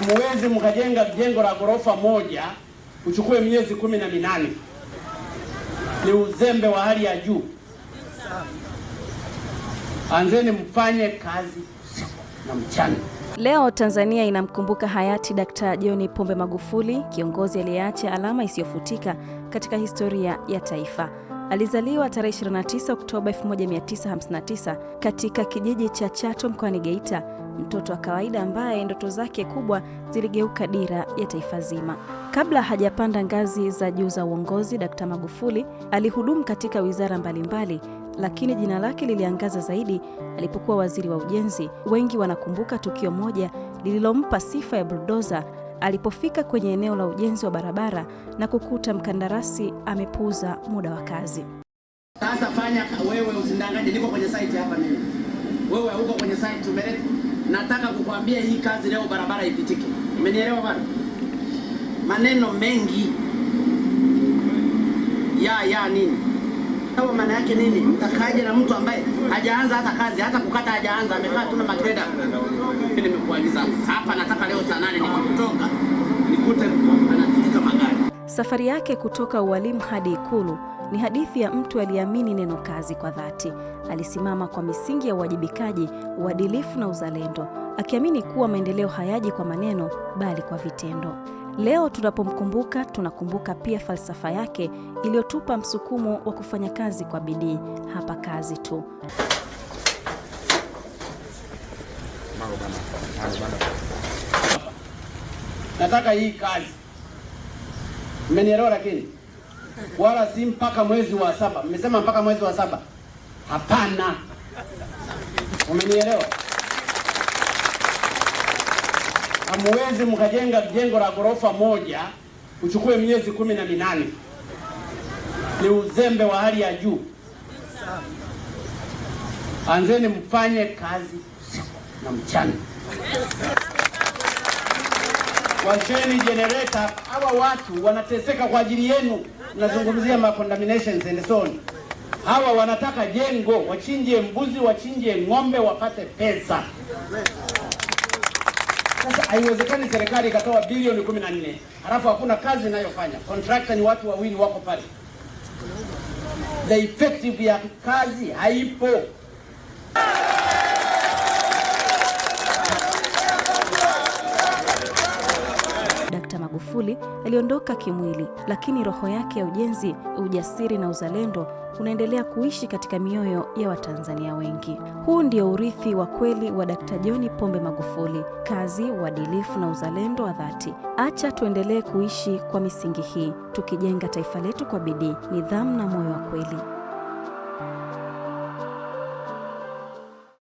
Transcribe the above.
Hamuwezi mkajenga jengo la ghorofa moja uchukue miezi kumi na minane. Ni uzembe wa hali ya juu. Anzeni mfanye kazi usiku na mchana. Leo Tanzania inamkumbuka hayati Dkt. John Pombe Magufuli, kiongozi aliyeacha alama isiyofutika katika historia ya taifa. Alizaliwa tarehe 29 Oktoba 1959 katika kijiji cha Chato mkoani Geita, mtoto wa kawaida ambaye ndoto zake kubwa ziligeuka dira ya taifa zima. Kabla hajapanda ngazi za juu za uongozi, Dkt. Magufuli alihudumu katika wizara mbalimbali mbali, lakini jina lake liliangaza zaidi alipokuwa waziri wa ujenzi. Wengi wanakumbuka tukio moja lililompa sifa ya buldoza alipofika kwenye eneo la ujenzi wa barabara na kukuta mkandarasi amepuuza muda wa kazi. Sasa fanya wewe usindangaje, niko kwenye site hapa mimi. Wewe huko kwenye site umeleta. Nataka kukwambia hii kazi leo barabara ipitike. Umenielewa bwana? Maneno mengi ya ya nini? Kama maana yake nini? Mtakaje na mtu ambaye hajaanza hata kazi, hata kukata hajaanza, amekaa tu na magreda. Mimi nimekuagiza hapa, nataka leo saa nane nikitoka nikute anatikisa magari. Safari yake kutoka ualimu hadi Ikulu ni hadithi ya mtu aliyeamini neno kazi kwa dhati. Alisimama kwa misingi ya uwajibikaji, uadilifu na uzalendo, akiamini kuwa maendeleo hayaji kwa maneno bali kwa vitendo. Leo tunapomkumbuka tunakumbuka pia falsafa yake iliyotupa msukumo wa kufanya kazi kwa bidii, hapa kazi tu. Nataka hii kazi, mmenielewa? Lakini wala si mpaka mwezi wa saba. Mmesema mpaka mwezi wa saba? Hapana, umenielewa? Hamuwezi mkajenga jengo la ghorofa moja uchukue miezi kumi na minane. Ni uzembe wa hali ya juu. Anzeni mfanye kazi usiku na mchana. Washeni generator. Hawa watu wanateseka kwa ajili yenu. Nazungumzia ma contaminations and so on. Hawa wanataka jengo, wachinje mbuzi, wachinje ng'ombe, wapate pesa. Sasa haiwezekani serikali ikatoa bilioni 14 halafu hakuna kazi inayofanya. Contractor ni watu wawili wako pale, the effective ya kazi haipo. Magufuli aliondoka kimwili, lakini roho yake ya ujenzi, ujasiri na uzalendo unaendelea kuishi katika mioyo ya Watanzania wengi. Huu ndio urithi wa kweli wa Dkt. John Pombe Magufuli: kazi, uadilifu na uzalendo wa dhati. Acha tuendelee kuishi kwa misingi hii, tukijenga taifa letu kwa bidii, nidhamu na moyo wa kweli.